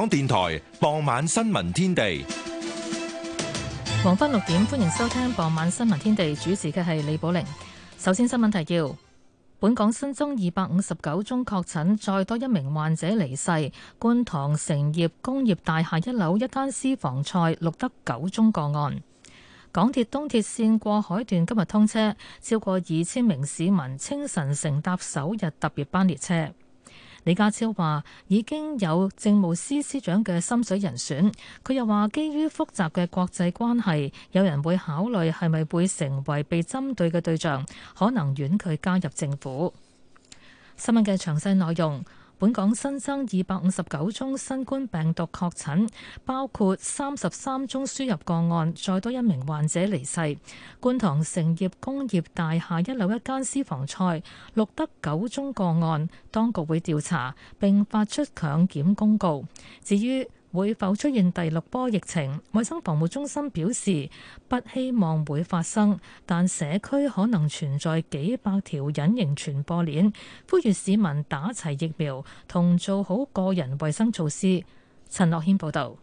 港電台傍晚新聞天地，黃昏六點歡迎收聽傍晚新聞天地，主持嘅係李寶玲。首先新聞提要：本港新增二百五十九宗確診，再多一名患者離世。觀塘成業工業大廈一樓一間私房菜錄得九宗個案。港鐵東鐵綫過海段今日通車，超過二千名市民清晨乘搭首日特別班列車。李家超話已經有政務司司長嘅心水人選。佢又話，基於複雜嘅國際關係，有人會考慮係咪會成為被針對嘅對象，可能婉拒加入政府。新聞嘅詳細內容。本港新增二百五十九宗新冠病毒確診，包括三十三宗輸入個案，再多一名患者離世。觀塘成業工業大廈一樓一間私房菜錄得九宗個案，當局會調查並發出強檢公告。至於會否出現第六波疫情？衞生防護中心表示，不希望會發生，但社區可能存在幾百條隱形傳播鏈，呼籲市民打齊疫苗，同做好個人衞生措施。陳樂軒報導。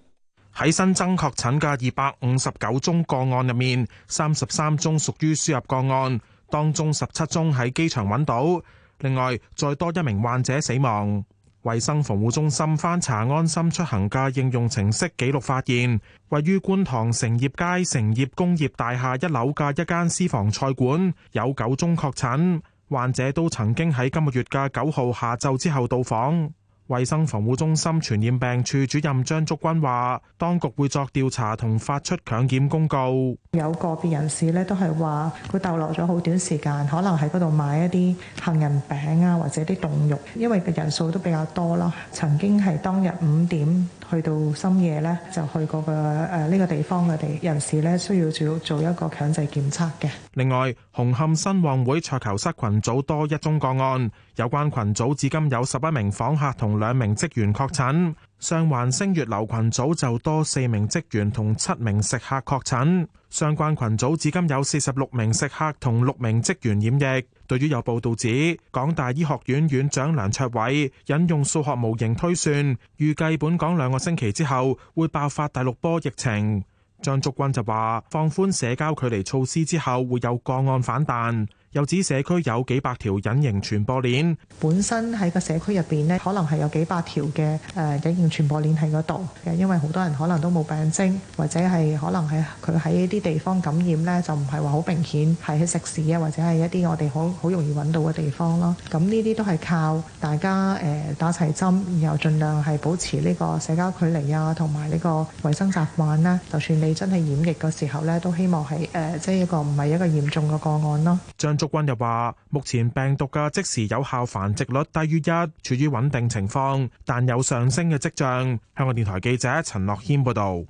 喺新增確診嘅二百五十九宗個案入面，三十三宗屬於輸入個案，當中十七宗喺機場揾到。另外，再多一名患者死亡。衛生防護中心翻查安心出行嘅應用程式記錄，發現位於觀塘成業街成業工業大廈一樓嘅一間私房菜館有九宗確診患者，都曾經喺今個月嘅九號下晝之後到訪。衛生防護中心傳染病處主任張竹君話，當局會作調查同發出強檢公告。有個別人士咧都係話佢逗留咗好短時間，可能喺嗰度買一啲杏仁餅啊，或者啲凍肉，因為人數都比較多啦。曾經係當日五點去到深夜呢就去過嗰個誒呢個地方嘅地人士呢需要做做一個強制檢測嘅。另外，紅磡新旺會桌球室群組多一宗個案，有關群組至今有十一名訪客同。兩名職員確診，上環星月樓群組就多四名職員同七名食客確診，相關群組至今有四十六名食客同六名職員染疫。對於有報道指港大醫學院院長梁卓偉引用數學模型推算，預計本港兩個星期之後會爆發第六波疫情，張竹君就話放寬社交距離措施之後會有個案反彈。又指社區有幾百條隱形傳播鏈，本身喺個社區入邊呢可能係有幾百條嘅誒隱形傳播鏈喺嗰度嘅，因為好多人可能都冇病徵，或者係可能係佢喺啲地方感染呢就唔係話好明顯，係喺食肆啊，或者係一啲我哋好好容易揾到嘅地方咯。咁呢啲都係靠大家誒、呃、打齊針，然後儘量係保持呢個社交距離啊，同埋呢個衞生習慣啦。就算你真係染疫嘅時候呢都希望係誒即係一個唔係一個嚴重嘅個案咯。將祝君又話：目前病毒嘅即時有效繁殖率低於一，處於穩定情況，但有上升嘅跡象。香港電台記者陳樂謙報導。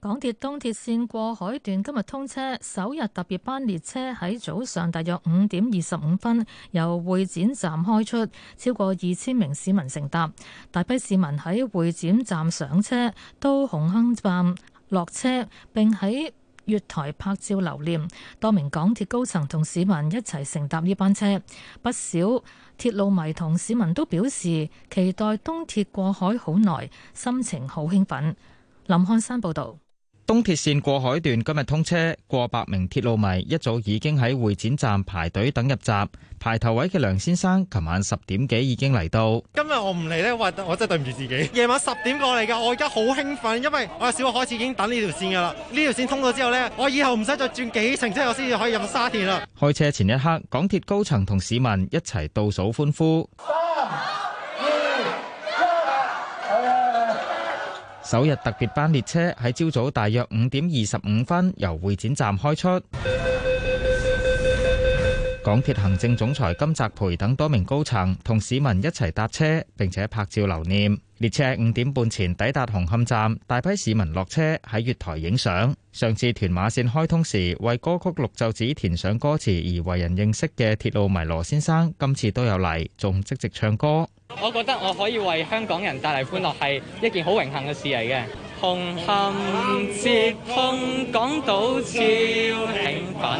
港鐵東鐵線過海段今日通車，首日特別班列車喺早上大約五點二十五分由會展站開出，超過二千名市民乘搭。大批市民喺會展站上車，到紅磡站落車，並喺月台拍照留念，多名港鐵高層同市民一齊乘搭呢班車，不少鐵路迷同市民都表示期待東鐵過海好耐，心情好興奮。林漢山報道。東鐵綫過海段今日通車，過百名鐵路迷一早已經喺會展站排隊等入閘。排頭位嘅梁先生，琴晚十點幾已經嚟到。今日我唔嚟呢，我真係對唔住自己。夜晚十點過嚟㗎，我而家好興奮，因為我有小學開始已經等呢條綫噶啦。呢條綫通咗之後呢，我以後唔使再轉幾程，即係我先至可以入沙田啦。開車前一刻，港鐵高層同市民一齊倒數歡呼。首日特別班列車喺朝早大約五點二十五分由會展站開出，港鐵行政總裁金澤培等多名高層同市民一齊搭車並且拍照留念。列車五點半前抵達紅磡站，大批市民落車喺月台影相。上次屯馬線開通時為歌曲《綠袖子》填上歌詞而為人認識嘅鐵路迷羅先生，今次都有嚟，仲即席唱歌。我覺得我可以為香港人帶來歡樂係一件好榮幸嘅事嚟嘅。紅磡接通港島超興奮，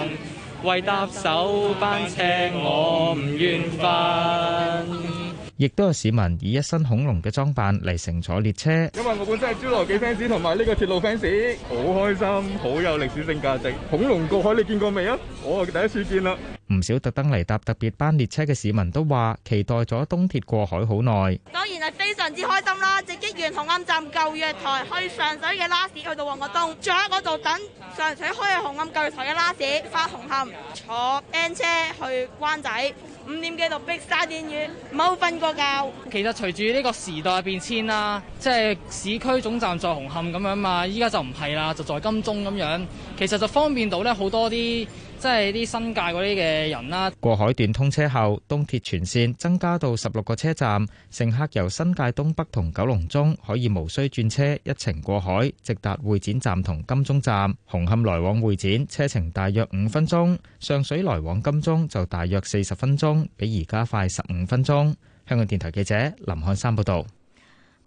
為搭首班車我唔願分。亦都有市民以一身恐龍嘅裝扮嚟乘坐列車，因為我本身係侏羅紀 fans 同埋呢個鐵路 fans，好開心，好有歷史性價值。恐龍過海你見過未啊？我第一次見啦。唔少特登嚟搭特別班列車嘅市民都話，期待咗東鐵過海好耐，當然係非常之開心啦！直擊完紅磡站舊月台去上水嘅 last，去到旺角東，仲喺嗰度等上水開去紅磡舊月台嘅 last，返紅磡坐 M 車去灣仔。五點幾度逼沙甸魚，冇瞓過覺。其實隨住呢個時代變遷啦，即係市區總站在紅磡咁樣嘛，依家就唔係啦，就在金鐘咁樣。其實就方便到咧好多啲。即係啲新界嗰啲嘅人啦。過海段通車後，東鐵全線增加到十六個車站，乘客由新界東北同九龍中可以無需轉車，一程過海，直達會展站同金鐘站。紅磡來往會展車程大約五分鐘，上水來往金鐘就大約四十分鐘，比而家快十五分鐘，香港電台記者林漢山報道。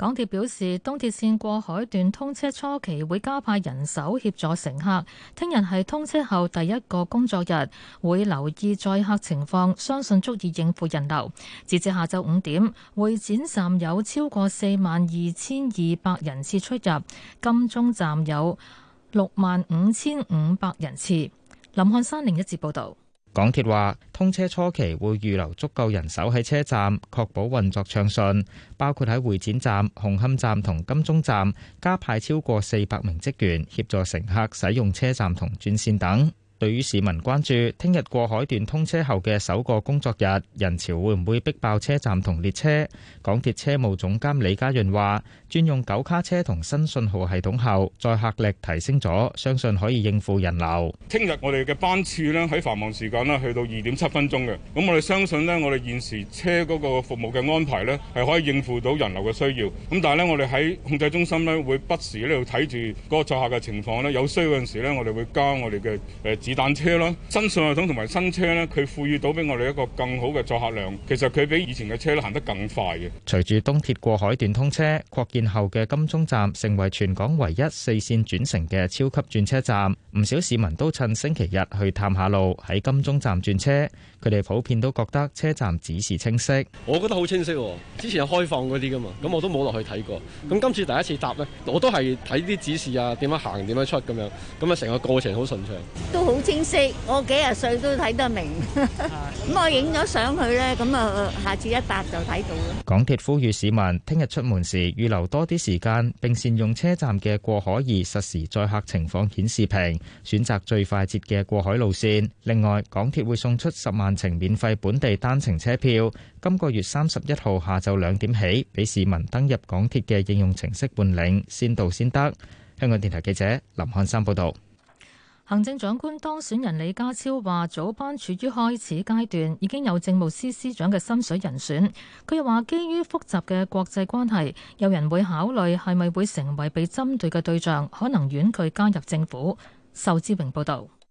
港鐵表示，東鐵線過海段通車初期會加派人手協助乘客。聽日係通車後第一個工作日，會留意載客情況，相信足以應付人流。截至下晝五點，會展站有超過四萬二千二百人次出入，金鐘站有六萬五千五百人次。林漢山另一節報導。港鐵話，通車初期會預留足夠人手喺車站，確保運作暢順，包括喺會展站、紅磡站同金鐘站加派超過四百名職員協助乘客使用車站同轉綫等。對於市民關注聽日過海段通車後嘅首個工作日，人潮會唔會逼爆車站同列車？港鐵車務總監李家潤話。專用九卡車同新信號系統後，載客力提升咗，相信可以應付人流。聽日我哋嘅班次咧，喺繁忙時間咧去到二點七分鐘嘅。咁我哋相信呢，我哋現時車嗰個服務嘅安排呢，係可以應付到人流嘅需要。咁但係呢，我哋喺控制中心呢，會不時喺度睇住嗰個載客嘅情況咧，有需要嗰陣時咧，我哋會加我哋嘅誒子彈車啦。新信號系統同埋新車呢，佢賦予到俾我哋一個更好嘅載客量。其實佢比以前嘅車咧行得更快嘅。隨住東鐵過海段通車擴建後嘅金鐘站成為全港唯一四線轉乘嘅超級轉車站，唔少市民都趁星期日去探下路喺金鐘站轉車，佢哋普遍都覺得車站指示清晰。我覺得好清晰喎，之前有開放嗰啲噶嘛，咁我都冇落去睇過。咁今次第一次搭呢，我都係睇啲指示啊，點樣行，點樣出咁樣，咁啊成個過程好順暢，都好清晰。我幾廿歲都睇得明，咁我影咗相去呢，咁啊下次一搭就睇到。港鐵呼籲市民聽日出門時預留多啲時間，並善用車站嘅過海而實時載客情況顯示屏，選擇最快捷嘅過海路線。另外，港鐵會送出十萬程免費本地單程車票，今個月三十一號下晝兩點起，俾市民登入港鐵嘅應用程式伴領，先到先得。香港電台記者林漢山報道。行政長官當選人李家超話：早班處於開始階段，已經有政務司司長嘅心水人選。佢又話，基於複雜嘅國際關係，有人會考慮係咪會成為被針對嘅對象，可能婉拒加入政府。仇志榮報道。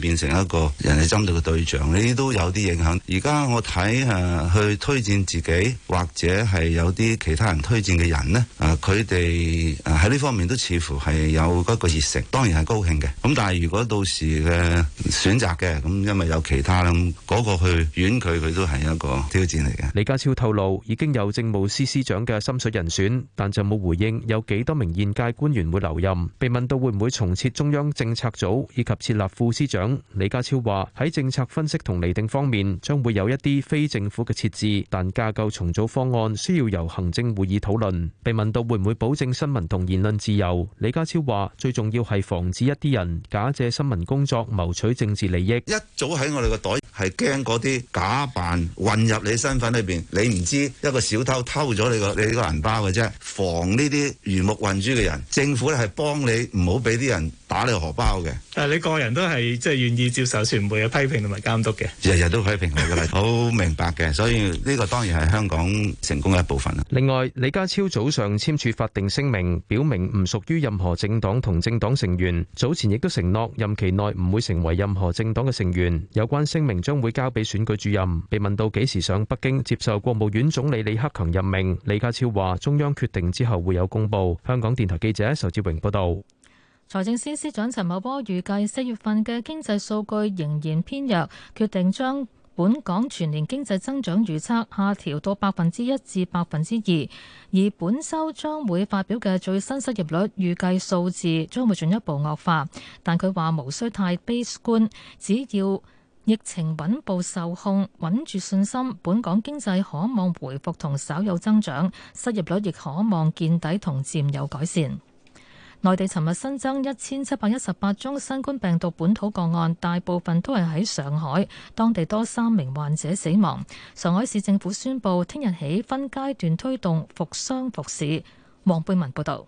變成一個人哋針對嘅對象，呢啲都有啲影響。而家我睇誒去推薦自己，或者係有啲其他人推薦嘅人咧，誒佢哋喺呢方面都似乎係有嗰個熱誠，當然係高興嘅。咁但係如果到時嘅選擇嘅，咁因為有其他啦，嗰個去遠佢，佢都係一個挑戰嚟嘅。李家超透露已經有政務司司長嘅心水人選，但就冇回應有幾多名現屆官員會留任。被問到會唔會重設中央政策組以及設立副司長。李家超話喺政策分析同釐定方面，將會有一啲非政府嘅設置，但架構重組方案需要由行政會議討論。被問到會唔會保證新聞同言論自由，李家超話，最重要係防止一啲人假借新聞工作謀取政治利益。一早喺我哋個袋。係驚嗰啲假扮混入你身份裏邊，你唔知一個小偷偷咗你個你呢個銀包嘅啫。防呢啲魚目混珠嘅人，政府咧係幫你唔好俾啲人打你荷包嘅。但係你個人都係即係願意接受傳媒嘅批評同埋監督嘅。日日都批評你嘅，好明白嘅。所以呢個當然係香港成功嘅一部分啦。另外，李家超早上簽署法定聲明，表明唔屬於任何政黨同政黨成員。早前亦都承諾任期內唔會成為任何政黨嘅成員。有關聲明。將會交俾選舉主任。被問到幾時上北京接受國務院總理李克強任命，李家超話中央決定之後會有公布。香港電台記者仇志榮報道。財政司司長陳茂波預計四月份嘅經濟數據仍然偏弱，決定將本港全年經濟增長預測下調到百分之一至百分之二。而本周將會發表嘅最新失業率預計數字將會進一步惡化，但佢話無需太悲觀，只要疫情穩步受控，穩住信心，本港經濟可望回復同稍有增長，失業率亦可望見底同漸有改善。內地尋日新增一千七百一十八宗新冠病毒本土個案，大部分都係喺上海，當地多三名患者死亡。上海市政府宣布，聽日起分階段推動復商復市。黃貝文報導。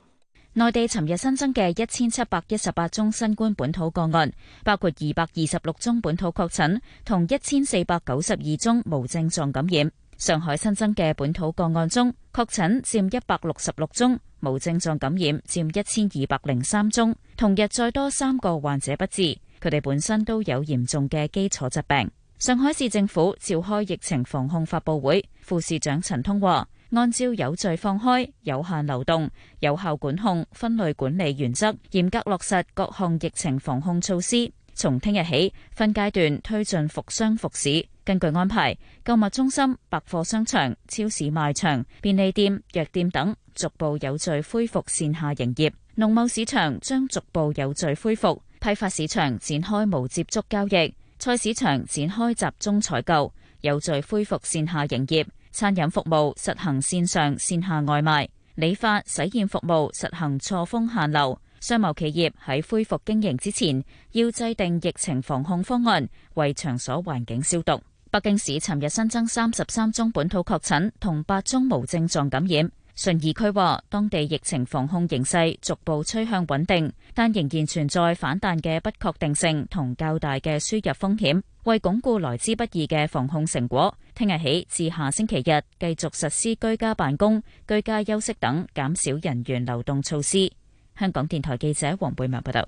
內地尋日新增嘅一千七百一十八宗新冠本土個案，包括二百二十六宗本土確診，同一千四百九十二宗無症狀感染。上海新增嘅本土個案中，確診占一百六十六宗，無症狀感染占一千二百零三宗。同日再多三個患者不治，佢哋本身都有嚴重嘅基礎疾病。上海市政府召開疫情防控發布會，副市長陳通話。按照有序放開、有限流動、有效管控、分類管理原則，嚴格落實各項疫情防控措施。從聽日起，分階段推進復商復市。根據安排，購物中心、百貨商場、超市賣場、便利店、藥店等逐步有序恢復線下營業。農貿市場將逐步有序恢復，批發市場展開無接觸交易，菜市場展開集中採購，有序恢復線下營業。餐飲服務實行線上、線下外賣，理髮、洗染服務實行錯峰限流。商貿企業喺恢復經營之前，要制定疫情防控方案，為場所環境消毒。北京市尋日新增三十三宗本土確診同八宗無症狀感染。順義區話，當地疫情防控形勢逐步趨向穩定，但仍然存在反彈嘅不確定性同較大嘅輸入風險。為鞏固來之不易嘅防控成果，聽日起至下星期日繼續實施居家辦公、居家休息等減少人員流動措施。香港電台記者黃貝文報道。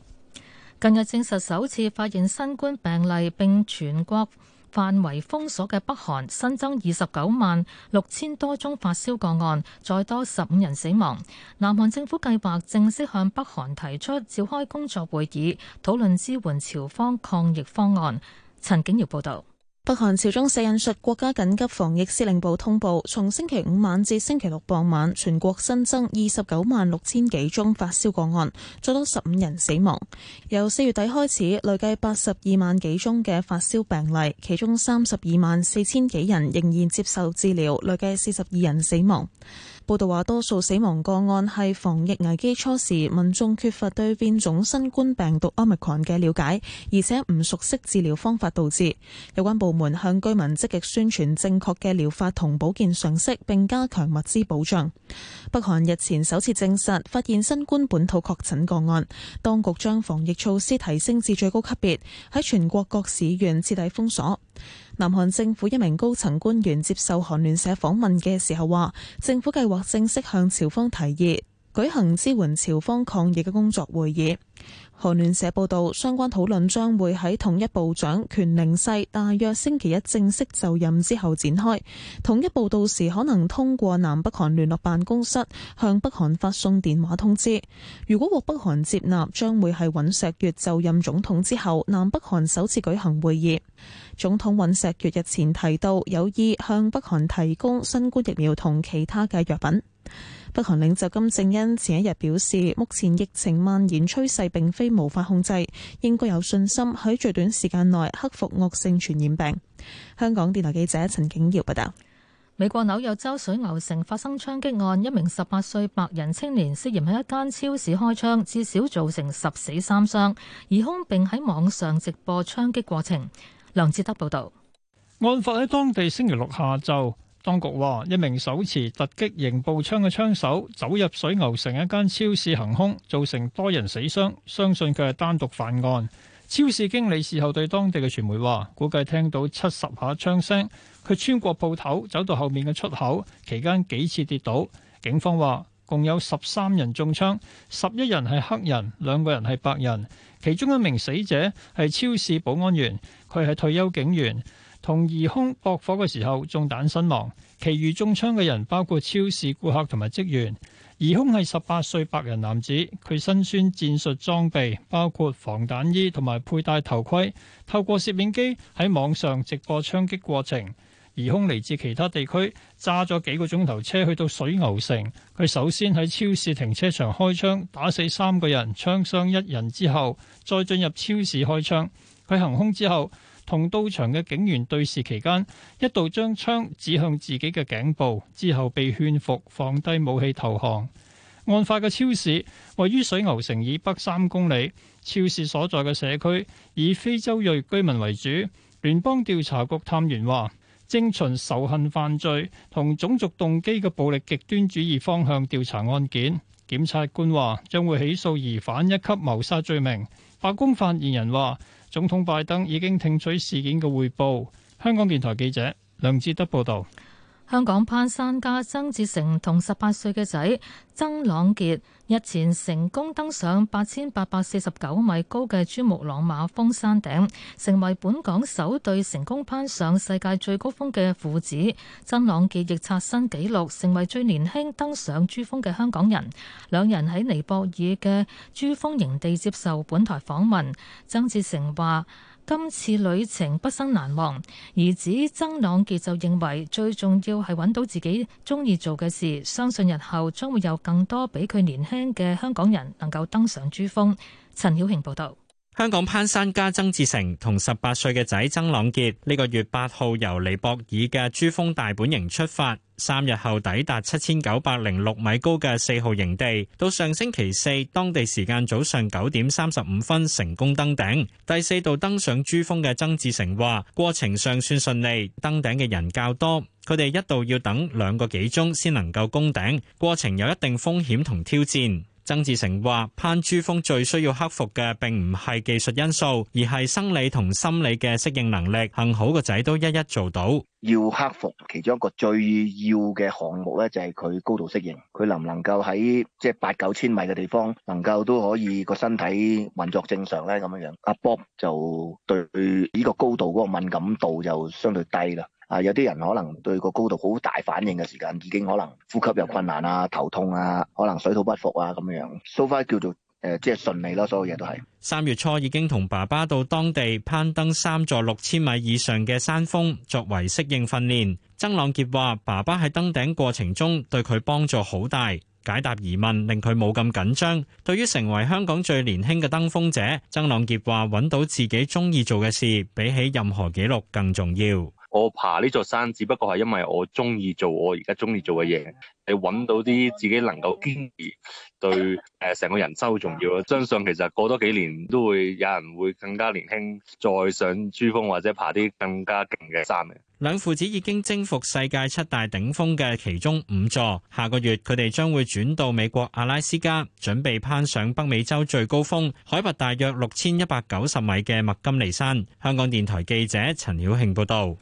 近日證實首次發現新冠病例，並全國範圍封鎖嘅北韓新增二十九萬六千多宗發燒個案，再多十五人死亡。南韓政府計劃正式向北韓提出召開工作會議，討論支援朝方抗疫方案。陳景瑤報道：北韓朝中社引述國家緊急防疫司令部通報，從星期五晚至星期六傍晚，全國新增二十九萬六千幾宗發燒個案，再多十五人死亡。由四月底開始，累計八十二萬幾宗嘅發燒病例，其中三十二萬四千幾人仍然接受治療，累計四十二人死亡。報道話，多數死亡個案係防疫危機初時民眾缺乏對變種新冠病毒 omicron 嘅了解，而且唔熟悉治療方法導致。有關部門向居民積極宣傳正確嘅療法同保健常識，並加強物資保障。北韓日前首次證實發現新冠本土確診個案，當局將防疫措施提升至最高級別，喺全國各市縣徹底封鎖。南韓政府一名高層官員接受韓聯社訪問嘅時候話，政府計劃正式向朝方提議舉行支援朝方抗疫嘅工作會議。韓聯社報導，相關討論將會喺統一部長權寧世大約星期一正式就任之後展開。統一部到時可能通過南北韓聯絡辦公室向北韓發送電話通知。如果獲北韓接納，將會係尹錫悅就任總統之後南北韓首次舉行會議。總統尹錫悅日前提到有意向北韓提供新冠疫苗同其他嘅藥品。韓國領袖金正恩前一日表示，目前疫情蔓延趨勢並非無法控制，應該有信心喺最短時間內克服惡性傳染病。香港電台記者陳景瑤報道。美國紐約州水牛城發生槍擊案，一名十八歲白人青年涉嫌喺一間超市開槍，至少造成十死三傷，疑兇並喺網上直播槍擊過程。梁志德報道。案發喺當地星期六下晝。當局話，一名手持突擊型步槍嘅槍手走入水牛城一間超市行凶，造成多人死傷。相信佢係單獨犯案。超市經理事後對當地嘅傳媒話，估計聽到七十下槍聲，佢穿過鋪頭走到後面嘅出口，期間幾次跌倒。警方話，共有十三人中槍，十一人係黑人，兩個人係白人，其中一名死者係超市保安員，佢係退休警員。同疑凶搏火嘅時候中彈身亡，其餘中槍嘅人包括超市顧客同埋職員。疑凶係十八歲白人男子，佢身穿戰術裝備，包括防彈衣同埋佩戴頭盔，透過攝影機喺網上直播槍擊過程。疑凶嚟自其他地區揸咗幾個鐘頭車去到水牛城。佢首先喺超市停車場開槍打死三個人，槍傷一人之後再進入超市開槍，佢行凶之後。同到場嘅警員對視期間，一度將槍指向自己嘅頸部，之後被勸服放低武器投降。案發嘅超市位於水牛城以北三公里，超市所在嘅社區以非洲裔居民為主。聯邦調查局探員話，偵循仇恨犯罪同種族動機嘅暴力極端主義方向調查案件。檢察官話將會起訴疑犯一級謀殺罪名。白宮發言人話。總統拜登已經聽取事件嘅匯報。香港電台記者梁志德報道。香港攀山家曾志成同十八歲嘅仔曾朗杰日前成功登上八千八百四十九米高嘅珠穆朗瑪峰山頂，成為本港首對成功攀上世界最高峰嘅父子。曾朗杰亦刷新紀錄，成為最年輕登上珠峰嘅香港人。兩人喺尼泊爾嘅珠峰營地接受本台訪問，曾志成話。今次旅程不生難忘，兒子曾朗杰就認為最重要係揾到自己中意做嘅事，相信日後將會有更多比佢年輕嘅香港人能夠登上珠峰。陳曉慶報道，香港攀山家曾志成同十八歲嘅仔曾朗杰呢個月八號由尼泊爾嘅珠峰大本營出發。三日後抵達七千九百零六米高嘅四號營地，到上星期四當地時間早上九點三十五分成功登頂。第四度登上珠峰嘅曾志成話，過程尚算順利，登頂嘅人較多，佢哋一度要等兩個幾鐘先能夠攻頂，過程有一定風險同挑戰。曾志成話，攀珠峰最需要克服嘅，並唔係技術因素，而係生理同心理嘅適應能力。幸好個仔都一一做到。要克服其中一個最要嘅項目咧，就係佢高度適應，佢能唔能夠喺即係八九千米嘅地方，能夠都可以個身體運作正常咧咁樣樣。阿 Bob 就對呢個高度嗰個敏感度就相對低啦。啊！有啲人可能對個高度好大反應嘅時間，已經可能呼吸有困難啊、頭痛啊，可能水土不服啊咁樣。so far 叫做誒，即係順利咯，所有嘢都係三月初已經同爸爸到當地攀登三座六千米以上嘅山峰，作為適應訓練。曾朗傑話：爸爸喺登頂過程中對佢幫助好大，解答疑問，令佢冇咁緊張。對於成為香港最年輕嘅登峰者，曾朗傑話：揾到自己中意做嘅事，比起任何紀錄更重要。我爬呢座山，只不過係因為我中意做我而家中意做嘅嘢。你揾到啲自己能夠堅持，對誒成個人生好重要啊！相信其實過多幾年都會有人會更加年輕再上珠峰，或者爬啲更加勁嘅山。兩父子已經征服世界七大頂峰嘅其中五座，下個月佢哋將會轉到美國阿拉斯加，準備攀上北美洲最高峰，海拔大約六千一百九十米嘅麥金尼山。香港電台記者陳曉慶報道。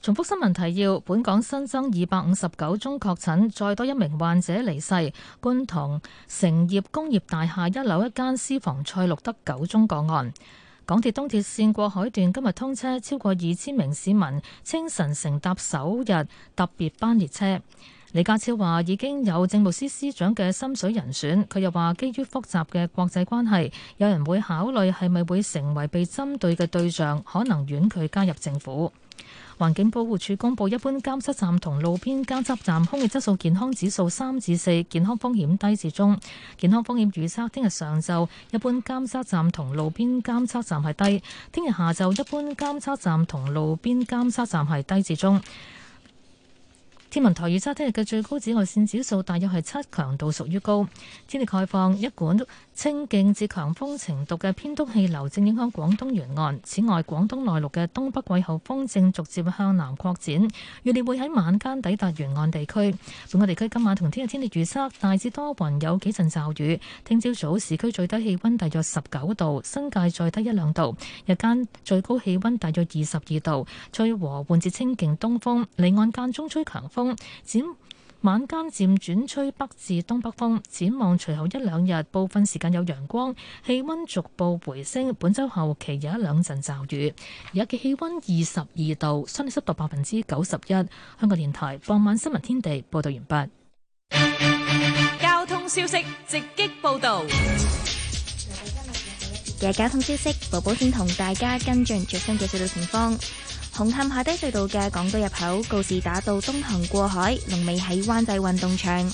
重複新聞提要：本港新增二百五十九宗確診，再多一名患者離世。觀塘成業工業大廈一樓一間私房菜錄得九宗個案。港鐵東鐵線過海段今日通車，超過二千名市民清晨乘搭首日特別班列車。李家超話已經有政務司司長嘅心水人選，佢又話基於複雜嘅國際關係，有人會考慮係咪會成為被針對嘅對象，可能婉拒加入政府。環境保護署公布，一般監測站同路邊監測站空氣質素健康指數三至四，健康風險低至中。健康風險預測：聽日上晝一般監測站同路邊監測站係低；聽日下晝一般監測站同路邊監測站係低至中。天文台預測聽日嘅最高紫外線指數大約係七，強度屬於高。天氣概況，一管。清勁至強風程度嘅偏東氣流正影響廣東沿岸，此外，廣東內陸嘅東北季候風正逐漸向南擴展，預料會喺晚間抵達沿岸地區。本港地區今晚同聽日天氣預測大致多雲，有幾陣驟雨。聽朝早市區最低氣温大約十九度，新界再低一兩度。日間最高氣温大約二十二度，吹和緩至清勁東風，離岸間中吹強風。晚間漸轉吹北至東北風，展望隨後一兩日部分時間有陽光，氣溫逐步回升。本周後期有一兩陣驟雨。而家嘅氣溫二十二度，相對濕度百分之九十一。香港電台傍晚新聞天地報道完畢。交通消息直擊報道。今日交通消息，寶寶先同大家跟進最新嘅道路情況。紅磡下低隧道嘅港島入口告士打道東行過海，龍尾喺灣仔運動場；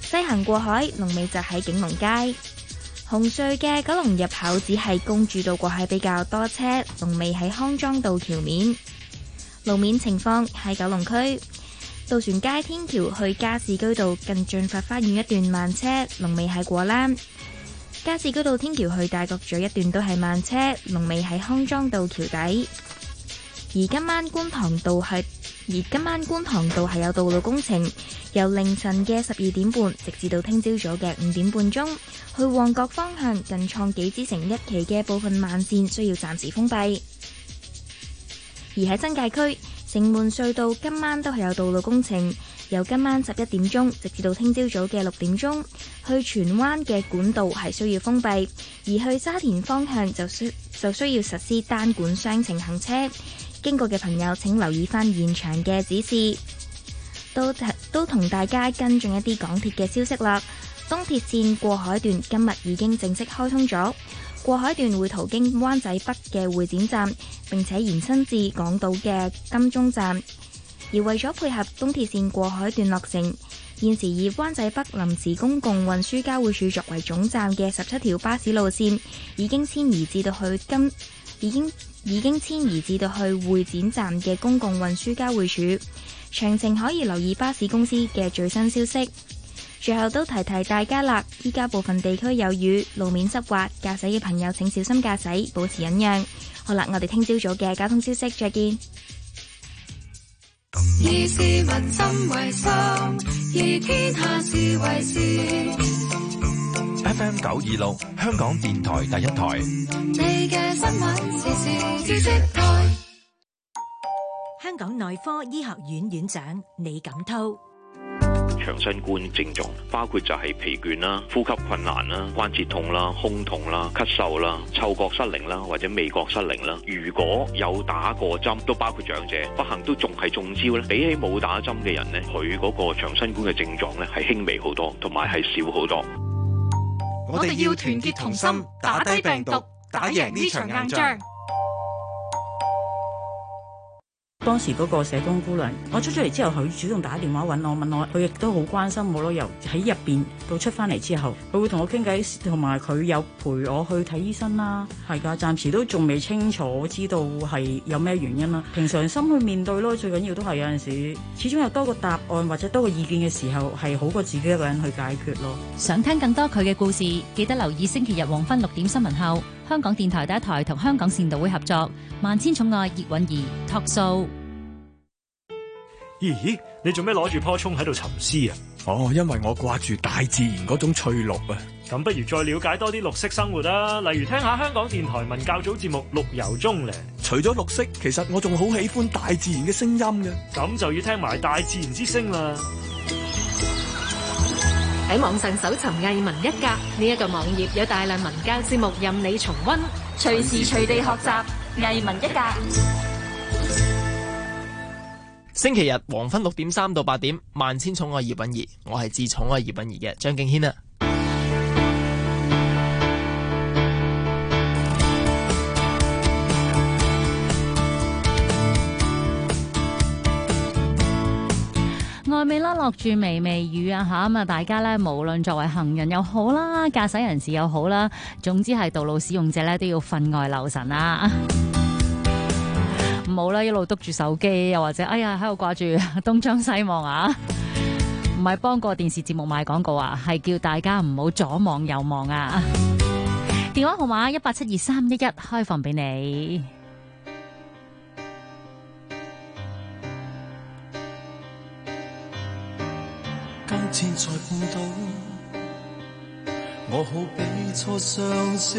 西行過海，龍尾就喺景隆街。紅隧嘅九龍入口只係公主道過海比較多車，龍尾喺康莊道橋面。路面情況喺九龍區，渡船街天橋去加士居道近駿發花園一段慢車，龍尾喺果欄。加士居道天橋去大角咀一段都係慢車，龍尾喺康莊道橋底。而今晚觀塘道係，而今晚觀塘道係有道路工程，由凌晨嘅十二點半直至到聽朝早嘅五點半鐘，去旺角方向近創紀之城一期嘅部分慢線需要暫時封閉。而喺新界區城門隧道，今晚都係有道路工程，由今晚十一點鐘直至到聽朝早嘅六點鐘，去荃灣嘅管道係需要封閉，而去沙田方向就需就需要實施單管雙程行車。經過嘅朋友，請留意翻現場嘅指示。都都同大家跟進一啲港鐵嘅消息啦。東鐵綫過海段今日已經正式開通咗，過海段會途經灣仔北嘅會展站，並且延伸至港島嘅金鐘站。而為咗配合東鐵綫過海段落成，現時以灣仔北臨時公共運輸交匯處作為總站嘅十七條巴士路綫，已經遷移至到去金已經。已經遷移至到去會展站嘅公共運輸交匯處，詳情可以留意巴士公司嘅最新消息。最後都提提大家啦，依家部分地區有雨，路面濕滑，駕駛嘅朋友請小心駕駛，保持忍讓。好啦，我哋聽朝早嘅交通消息，再見。以市民心為心，以天下事為先。FM 九二六，26，香港電台第一台。香港內科醫學院院長李錦濤，長新冠症狀包括就係疲倦啦、呼吸困難啦、關節痛啦、胸痛啦、咳嗽啦、嗅覺失靈啦或者味覺失靈啦。如果有打過針，都包括長者，不幸都仲係中招咧。比起冇打針嘅人咧，佢嗰個長新冠嘅症狀咧係輕微好多，同埋係少好多。我哋要團結同心，打低病毒，打贏呢場硬仗。當時嗰個社工姑娘，我出咗嚟之後，佢主動打電話揾我，問我，佢亦都好關心我咯。由喺入邊到出翻嚟之後，佢會同我傾偈，同埋佢有陪我去睇醫生啦。係㗎，暫時都仲未清楚知道係有咩原因啦。平常心去面對咯，最緊要都係有陣時，始終有多個答案或者多個意見嘅時候，係好過自己一個人去解決咯。想聽更多佢嘅故事，記得留意星期日黃昏六點新聞後，香港電台第一台同香港善道會合作《萬千寵愛》葉允儀 Talk Show。咦，你做咩攞住棵蔥喺度沉思啊？哦，因為我掛住大自然嗰種翠綠啊！咁不如再了解多啲綠色生活啊。例如聽下香港電台文教組節目《綠由中》咧。除咗綠色，其實我仲好喜歡大自然嘅聲音嘅，咁就要聽埋大自然之聲啦。喺網上搜尋藝文一格呢一個網頁，有大量文教節目任你重溫，隨時隨地學習藝文一格。星期日黃昏六點三到八點，萬千寵愛葉品儀，我係至寵愛葉品儀嘅張敬軒啊！外面啦落住微微雨啊吓，咁啊大家咧，無論作為行人又好啦，駕駛人士又好啦，總之係道路使用者咧都要分外留神啦。冇啦，一路篤住手機，又或者哎呀喺度掛住東張西望啊，唔係幫個電視節目買廣告啊，係叫大家唔好左望右望啊！電話號碼一八七二三一一，1, 開放俾你。今天才碰到我，好比初相識